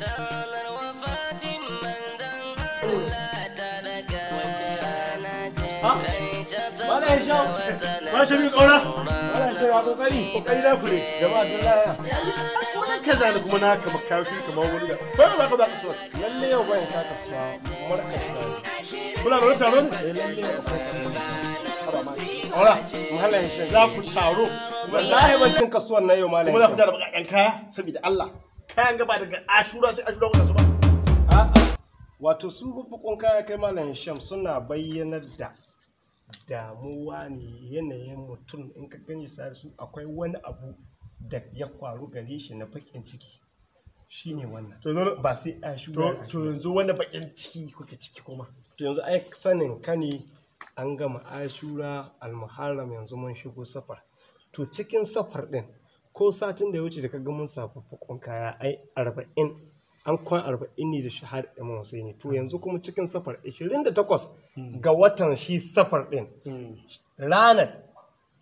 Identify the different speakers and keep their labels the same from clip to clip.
Speaker 1: ranar wafatin manzan oh. Allah ta daga wace rana ce ran shatar da wata na kokari kaza ne kuma na kama kawo shi kamar wani da ba ba ka ba ka so lalle yau bayan ka kasuwa kuma ka kula da wata taron ne eh, lalle Ora, mahalan shi za ku taro. Wallahi ban cin kasuwan na yau malam. Kuma za ku tara bakakan kaya saboda Allah. kayan gaba daga ashura sai ashura kuna su ba wato su bubukun kayan kai malam sham suna bayyanar da damuwa ne yanayin mutum in ka gani sa su akwai wani abu da ya kwaru gare shi na bakin ciki shi ne wannan ba sai a shi to yanzu wani bakin ciki kuke ciki kuma to yanzu ai sanin ka ne an gama ashura almuharram yanzu mun shigo safar to cikin safar din ko satin da ya wuce da ka ga mun kaya ai arba'in an kwan arba'in ne da shahar imam husaini to hmm. yanzu kuma cikin safar 28 hmm. ga watan shi safar din hmm. ranar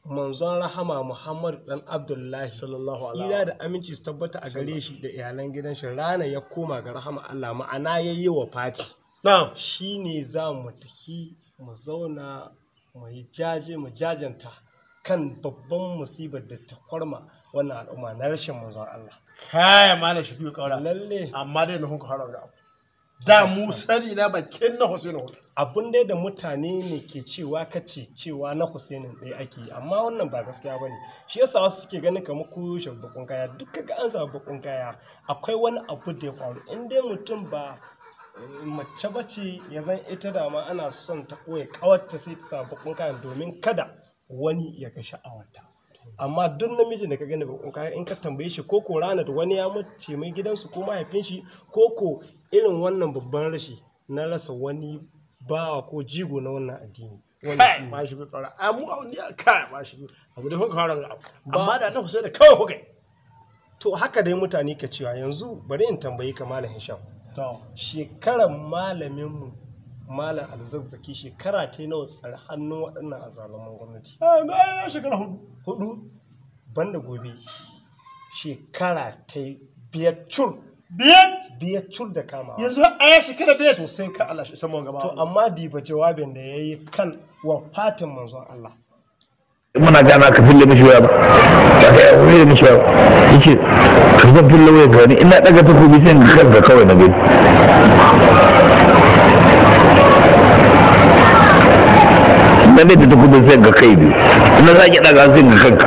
Speaker 1: manzon rahama muhammadu dan abdullahi sallallahu alaihi da aminci su tabbata a gare shi da iyalan gidan shi ranar ya koma ga rahama allah ma'ana ya yi wa fati shi ne za mu tafi mu zauna mu yi jaje mu jajanta kan babban musibar da ta kwarma wannan al'umma na rashin manzon Allah kai shi shafi'u kaura lalle amma dai na hunka harar da abu da mu sani na bakin na Hussein Hudu. Abun dai da mutane ne ke cewa kace cewa na Hussein ɗaya ake yi amma wannan ba gaskiya bane. Shi yasa wasu suke ganin kamar ku shabbakun kaya duk kaga an samu bakun kaya akwai wani abu da ya faru in dai mutum ba eh, mace bace ya zan ita da ma ana son ta koya kawarta sai ta sa bakun kaya domin kada wani ya ga sha'awarta. amma duk namijin da ka gani ba kuka in ka tambaye shi ko ko ranar wani ya mace mai gidansu ko mahaifin shi ko ko irin wannan babban rashi na rasa wani bawa ko jigo na wannan addini shi bi amu shi bi abu da amma da na Hussein da kawai hukai. to haka dai mutane ka cewa yanzu bari in tambayi ka malam Hisham shekarar malaminmu malamin mu malam alzazzaki shekara ta nawa tsari hannun waɗannan azalaman gwamnati ah, a shekara hudu hudu banda gobe shekara ta biyar cur biyar biyar cur da kama yanzu a ya shekara biyar to sai ka Allah shi saman gaba to amma diba jawabin da ya yi kan wafatin manzon Allah
Speaker 2: muna gana ka fille mishi waya ba ka ga waya mishi waya yace ka zan fille waya ga ina daga takobi sai ga kawai na gani na da ta sai ga kai kuma za ki daga sai ga kanka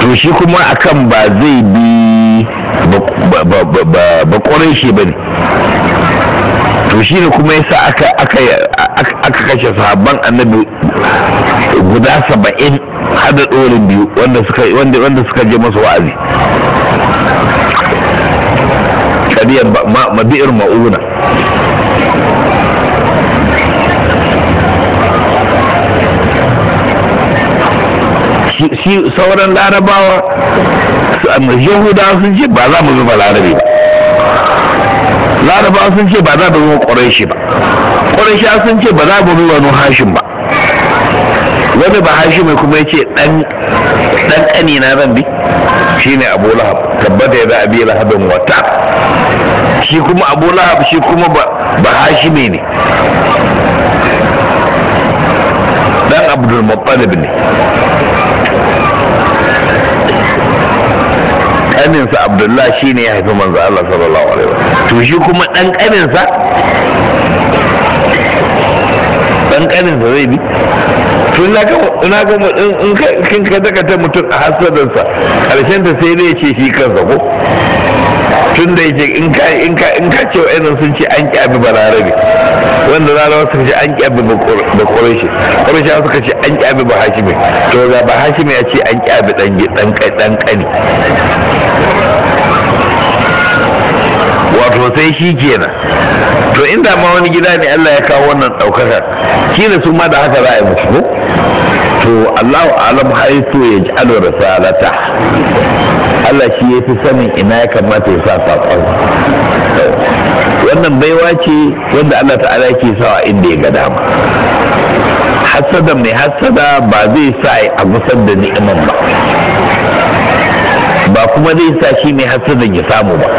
Speaker 2: to shi kuma akan ba zai bi ba kwarai shi ba ne to shi ne kuma yasa aka aka kashe sahabban annabi guda saba'in hada ɗorin biyu wanda suka wanda suka je masa wa'azi kadiyar mabi'ir ma'una shi sauran larabawa yahuda sun ce ba za mu zama larabe ba larabawa sun ce ba za mu zama ƙwarai ba ƙwarai sun ce ba za mu zama hashin ba wani ba hashi mai kuma ya dan dan kani na zan bi shine Abu Lahab tabbata ya a biya Lahabin wata shi kuma Abu Lahab shi kuma ba hashi mai ne dan Abdul Muttalib ne kaninsa abdullah shi ne ya haifi manzo Allah sallallahu alaihi wasallam to shi kuma dan kaninsa dan kaninsa zai bi to ina ga ina ga in kin ka daga ta mutum a hasadansa karshen ta sai dai ce shi kansa ko tun da yake in ka in ka in ka ce wa'annan sun ce an kyabi balarabe wanda larabawa suka ce an kyabi da quraishi quraishi suka ce an kyabi ba hashimi to ga ba hashimi ya ce an kyabi dan dan dan kani wato sai shi kenan to inda ma wani gida ne Allah ya kawo wannan daukaka kina su ma da haka za a yi musu to Allahu alam haitu ya ji alwar risalata Allah shi ya fi sanin ina ya kamata ya sa saƙon wannan baiwa ce wanda Allah ta'ala ke sawa inda ya ga dama hassada mai hassada ba zai sa a gusar da ni'iman ba ba kuma zai sa shi mai hassada ya samu ba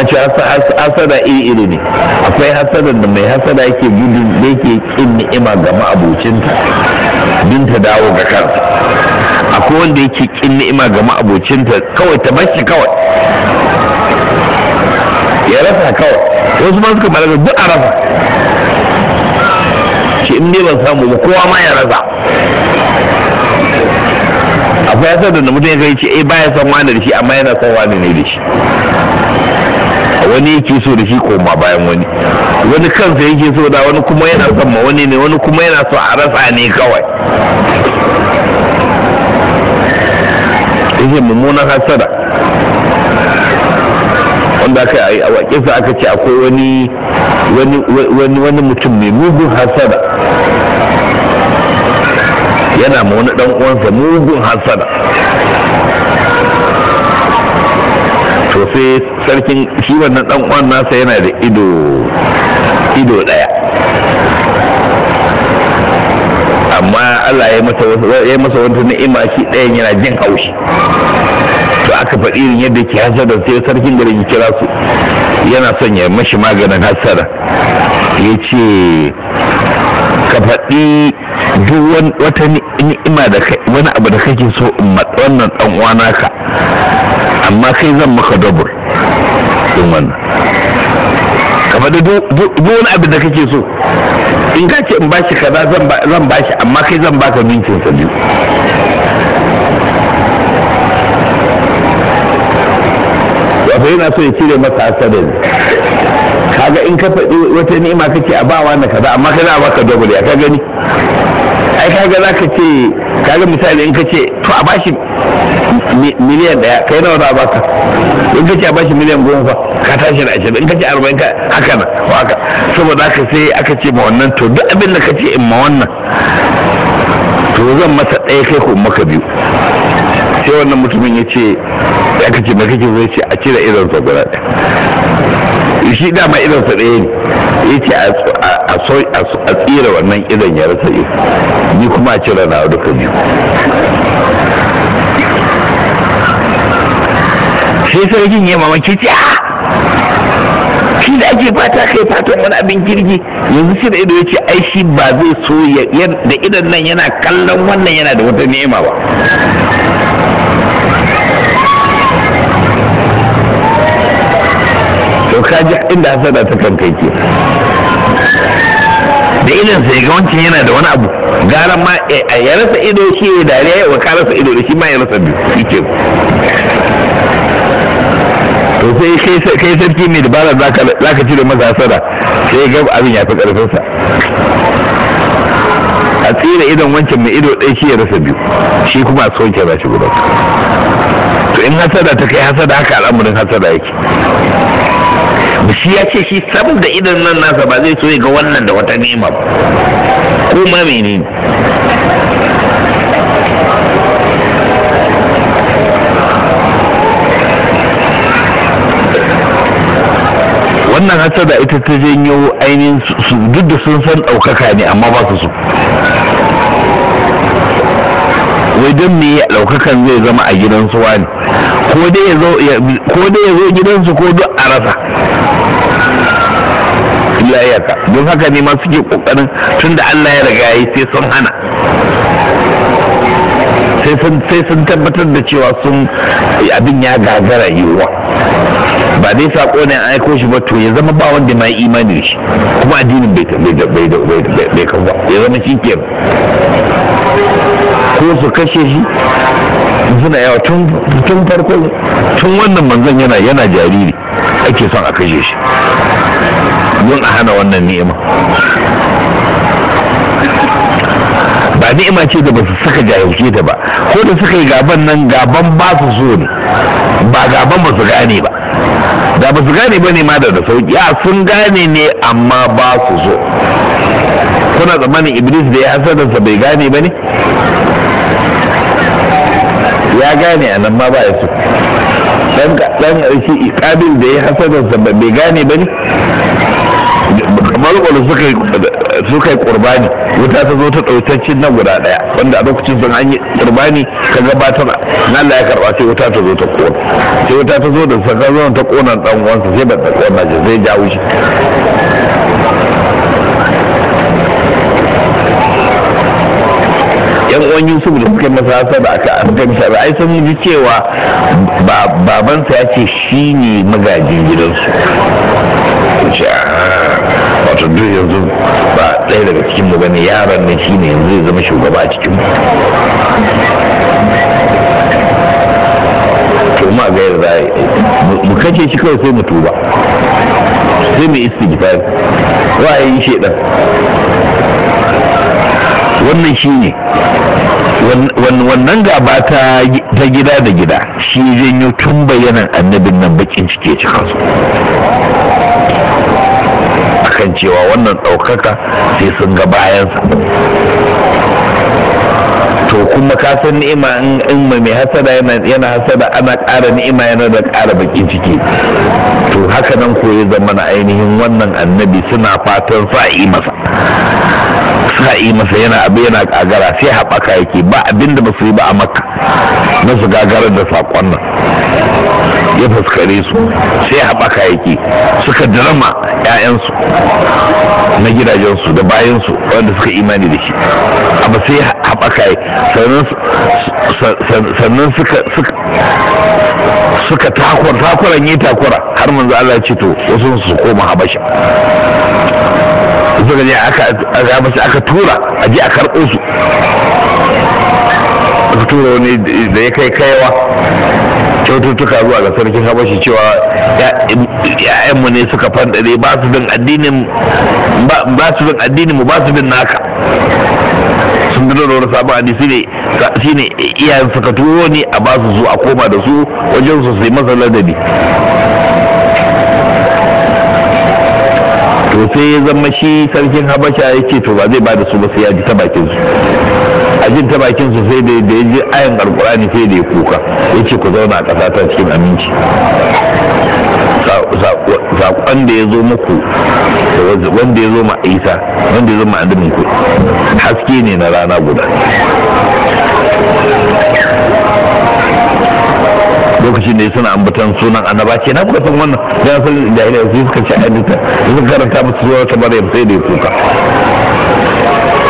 Speaker 2: an ce hasada iri iri ne akwai hassada da mai hasada yake gudun da yake kin ni'ima ga ma'abocinta abin ta dawo ga kansa akwai wanda yake kin ni'ima ga ma'abocinta kawai ta bashi kawai ya rasa kawai wasu ma suka balaga duk a rasa shi in ne ban samu ba kowa ma ya rasa akwai yasar da mutum ya kai ce eh baya son wani da shi amma yana son wani ne da shi wani yake so da shi koma bayan wani wani kansa yake so da wani kuma yana son ma wani ne wani kuma yana so a rasa ne kawai yake mummunan hasada wanda aka yi a wakisa aka ce akwai wani wani wani mutum mai mugun hasada yana ma wani dan uwansa mugun hasada to sai sarkin shi wannan dan uwan nasa yana da ido ido daya amma Allah ya masa ya masa wata ni'ima shi dayan yana jin haushi to aka faɗi irin yadda ke hasada sai sarkin garin ya kira su yana son ya mashi maganin hasada ya ce ka faɗi duk wata ni'ima da wani abu da kake so in wannan ɗan uwa naka amma kai zan maka dabur din wannan ka da duwani wani abin da kake so in ka ce in bashi kaza zan bashi amma kai zan baka minkin sa biyu wato yana so ya cire masa asalin kaga in ka faɗi wata ni'ima kake a bawa na kaza amma kai za a baka double ya ka gani ai kaga za ka ce kaga misali in ka ce to a bashi miliyan daya kai nawa za a baka in ka ce a bashi miliyan goma ka tashi da ashirin in ka ce arba'in ka haka na haka saboda haka sai aka ce ma wannan to duk abin da ka ce in ma wannan to zan masa ɗaya kai ko maka biyu sai wannan mutumin ya ce ya kace mai kake zai ce a cire irin sa ɗaya shi dama irin sa ɗaya ne ya ce a tsira wannan idan ya rasa yi ni kuma cire na duka biyu sai sarkin ya mamaki ce a ah! shi da ake fata kai fatan wani abin kirgi. yanzu shi da ido ya ce ai shi ba zai so da idan nan yana kallon wannan yana da wata nema ba to kaji inda hasada ta kankan ke da idan sai ga wancan yana da wani abu gara ma eh, ya rasa ido shi ya dariya ya ka rasa ido da shi ma ya rasa biyu shi ke to sai kai sarki mai dabara za ka cire masa hasara sai ga abin ya fi karfinsa a tsira idan wancan mai ido ɗaya shi ya rasa biyu shi kuma a tsohon ba shi guda to in hasada ta kai hasada haka al'amarin hasada yake abu shi ya ce shi saboda idan nan nasa ba zai so ya ga wannan da wata nema ba kuma menene wannan da ita ta janyo ainihin su duk da sun san ɗaukaka ne amma ba su so wai don me ɗaukakan zai zama a gidansu wani ko dai ya zo gidansu ko duk a rasa layaka don haka ne ma suke kokarin tun da Allah ya riga yi sai sun hana sai sun tabbatar da cewa sun abin ya gagara yiwuwa ba dai saƙo ne aiko shi ba to ya zama ba wanda ma imani shi kuma addinin bai kawo ba, ya zama shi kenan ko su kashe shi suna yawa tun farko tun wannan manzan yana yana jariri ake son a kashe shi don a hana wannan ni'ima ba ni'ima ce da ba su saka jayauke ta ba ko da suka yi gaban nan gaban ba su so ne ba gaban ba su gane ba da ba su gane ba ne ma da da sauki ya sun gane ne amma ba su so kuna tsammanin iblis da ya da bai gane ba ne ya gane a nan ma ba ya so dan dan shi kabil da ya hasadan sa bai gane ba ne malƙwalo suka suka yi ƙurbani wuta ta zo ta ɗautaccen na guda ɗaya wanda a lokacin sun an yi qurbani ka gabatar na Allah ya karba sai wuta ta zo ta ƙona sai wuta ta zo da sakazon ta ƙona ɗan uwansa sai ba ta ƙona ba zai ja wuce. yan uwan yusuf da suka masa da aka suka masa ai sun ji cewa babansa ya ce shi ne magajin gidansu wato duk yanzu ba ɗaya daga cikin mu bane yaran ne shi ne yanzu ya zama shugaba a cikin to ma ga yarda mu kace shi kawai sai mu tuba sai mu yi yi shedan wannan shi ne wannan gaba ta gida da gida shi janyo tun bayanan annabin nan bakin cike cika su akan cewa wannan ɗaukaka sai sun ga bayansa to kuma ka san ni'ima in mai hasada yana hasada ana ƙara ni'ima yana da ƙara bakin ciki to haka nan koyi zama na ainihin wannan annabi suna fatan sa yi masa sa yi masa yana abu yana gagara sai haɓaka yake ba abin da basu yi ba a makka na su gagarar da saƙon nan ya fuskare su sai haɓaka yake suka dirama 'ya'yansu na gidajensu da bayansu wanda suka imani da shi abu sai haɓaka yi sannan suka takura takura yi takura har manzo Allah ce to wasu su koma habasha suka je aka azaba su aka tura a je a karɓo su aka tura wani da ya kai kaiwa kyaututtuka zuwa ga sarkin habashi cewa ya'yanmu ne suka fandare ba su bin addinin ba su bin addinin mu ba su bin naka sun gudu da wani sabon hadisi ne shi iyayen suka turo ni a ba su su a koma da su wajen su sai masa ladabi sai ya zama shi sarkin habasha ya ce to ba zai bada su ba sai ya ji ta bakin su a jin ta bakin su sai da ya ji ayan alkurani sai da ya kuka ya ce ku zauna a ƙasa ta cikin aminci saƙon da ya zo muku wanda ya zo ma isa wanda ya zo ma ku haske ne na rana guda lokacin da ya suna ambatan sunan annaba ce na kuka san wannan da san jahiliya su suka ci ayyuka su karanta musu zuwa ta bari sai da ya kuka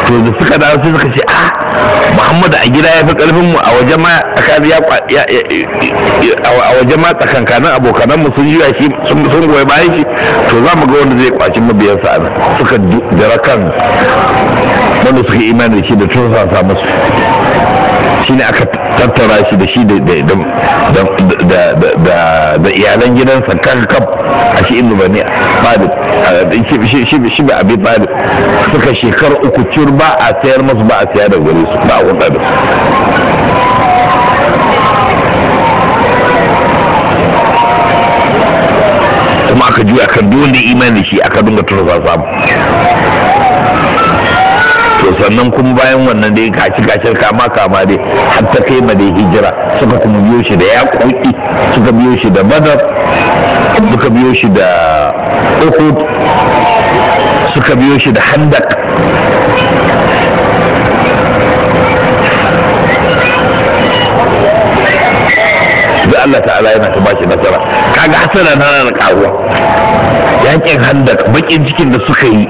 Speaker 2: to da suka dawo sai suka ce a ah, muhammad a gida ya fi karfin mu a waje ma a ma tsakankanin abokanan mu sun juya shi sun goyi bayan shi to za mu ga wanda zai kwaci mabiyansa a suka dira kan wanda suka imani da shi da tun sa musu ne aka tattara shi da shi da iyalan gidansa kan kan a shi bane bani talib shi ba abi talib suka shekar uku cur ba a sayar masu ba a sayar da gare su ba a hulɗa da kuma aka juya aka dole imani shi aka dinga turza samu to sannan kuma bayan wannan dai kaci kacin kama kama dai har ta kai ma hijira suka kuma biyo shi da yaƙoƙi suka biyo shi da badar suka biyo shi da uhud suka biyo shi da handak da Allah ta'ala yana ta bashi nasara kaga asala na ranar karuwa yakin handak bakin cikin da suka yi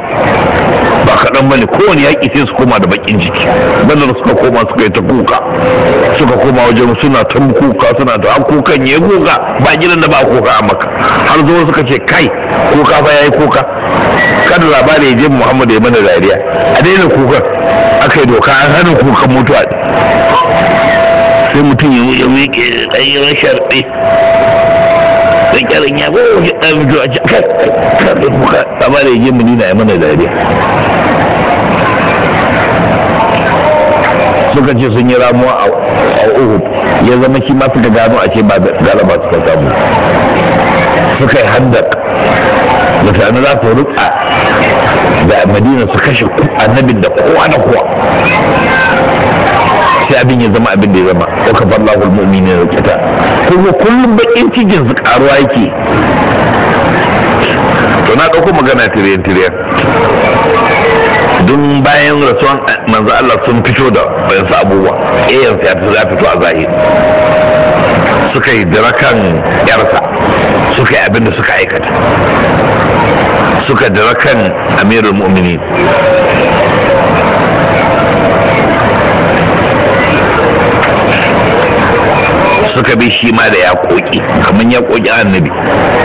Speaker 2: dan bane kowane yaƙi sai su koma da bakin jiki su suka koma suka yi ta kuka suka koma wajen suna ta kuka suna ta kukan ya kuka ba gidan da ba kuka a maka har zuwa suka ce kai kuka ya yayi kuka kada labari ya je muhammadu ya mana dariya a daina kukan aka yi doka an hana kukan mutuwa sai mutum ya miƙe ɗanyen sharɗe da kyarin ya gowa ya ɗan mutu kan kan da kuka labarin ya je mu nina ya mana dariya suka ce sun yi ramuwa a uhud ya zama shi ma suka gano a ce ba galaba suka samu suka yi handak mutane za su rutsa da madina su kashe annabin da kowa da kowa sai abin ya zama abin da ya zama ko kafar lahul mu'mini da kuta kuma kullum bakin cikin su karuwa yake to na ɗauko magana tiriyan tiriyan Don bayan rasuwan eh, manzo Allah sun fito da bayan abubuwa eh yanzu ya fito a zahiri suka yi kan yarsa suka yi abin da suka aikata suka kan amirul mu'minin suka bi shi ma da yaƙoƙi kamar yaƙoƙi annabi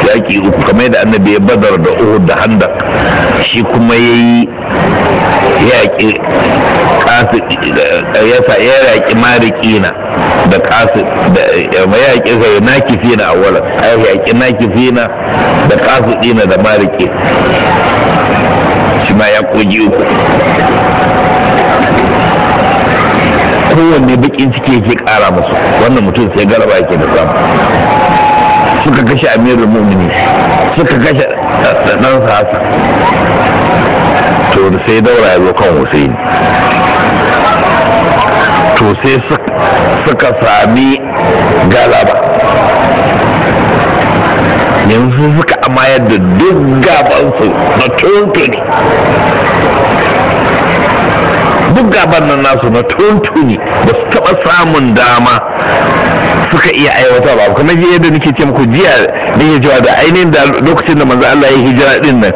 Speaker 2: yaƙi uku kamar yadda annabi ya badar da uhud da handak shi kuma ya yi yaƙi ya yaƙi marikina da kasu da yaƙi sai na a wala ya yaƙi na da kasu dina da mariki shi ma ya kogi uku kowanne bikin ciki ke ƙara musu wannan mutum sai galaba yake da samu suka kashe amirul mumini suka kashe ɗan eh, sa to sai daura ya zo kan hussein to sai suka sami galaba yanzu suka amayar da duk gabansu na tuntuni duk gaban nan nasu na tuntuni ba su taɓa samun dama suka iya aiwata ba kamar yadda nake ce muku jiya da ya cewa da ainihin da lokacin da manzo Allah ya hijira din nan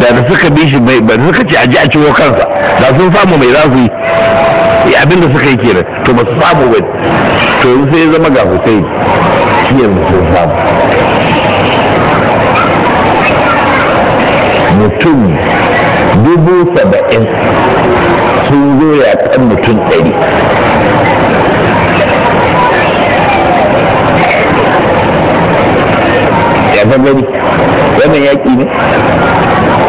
Speaker 2: da da suka bi shi ba suka ce ji a ciwo kansa da sun samu mai za su yi eh, abin da suka yi kenan to ba su samu ba to sai ya zama ga Hussein shi yanzu sun samu mutum dubu saba'in sun zo ya kan mutum ɗari na gani wannan yaƙi ne kisan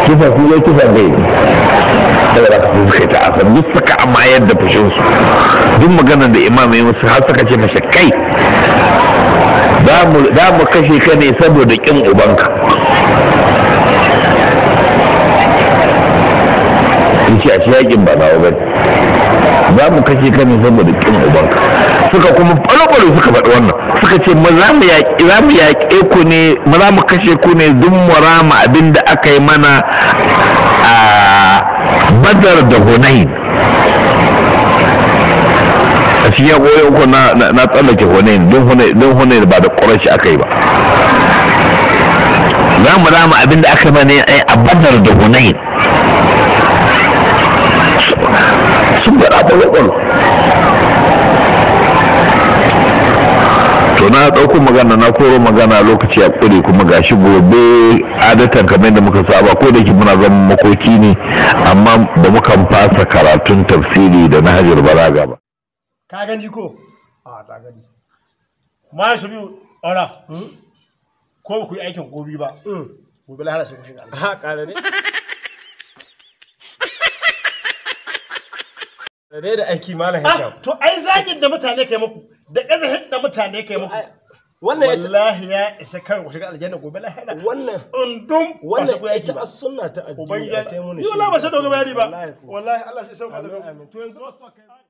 Speaker 2: su zai kisan gai ne saboda su suka yi ta'asa duk suka amma da fushinsu duk maganar da imam ya musu har suka ce mashi kai za mu kashe ka ne saboda ƙin ubanka ce a yakin ba na ba za mu kashe ka ne saboda ƙin ubanka suka kuma ɓalo-ɓalo suka faɗi wannan suka ce ba za mu yaƙe ku ne za mu kashe ku ne duk mu rama abin da aka yi mana a badar da hunain a cikin goyi uku na tsallake hunain don hunain ba da ƙorashi aka yi ba za mu rama abin da aka yi mana a badar da hunain sun gaɗa ƙwarƙwaro na ɗauko magana na koro magana lokaci a tsire kuma gashi gobe adatan kamar da muka saba ko da muna zama makoki ne amma ba mukan fasa karatun tafsiri da na hajar balaga ba
Speaker 1: ka gani ko a ta gani ma shi biyu ara ko ku yi aikin gobi ba mm. gobe lahara sai ku shiga ha ƙara ne ne da aiki malam ah, hisham to ai zagin da mutane kai muku da kazahin da mutane kai muku wannan wallahi ya isa kan ku shiga aljanna gobe lahira wannan undum wannan ita sunna ta addini ta mun shi yo ba sai dogo bayani ba wallahi Allah shi sauka da to yanzu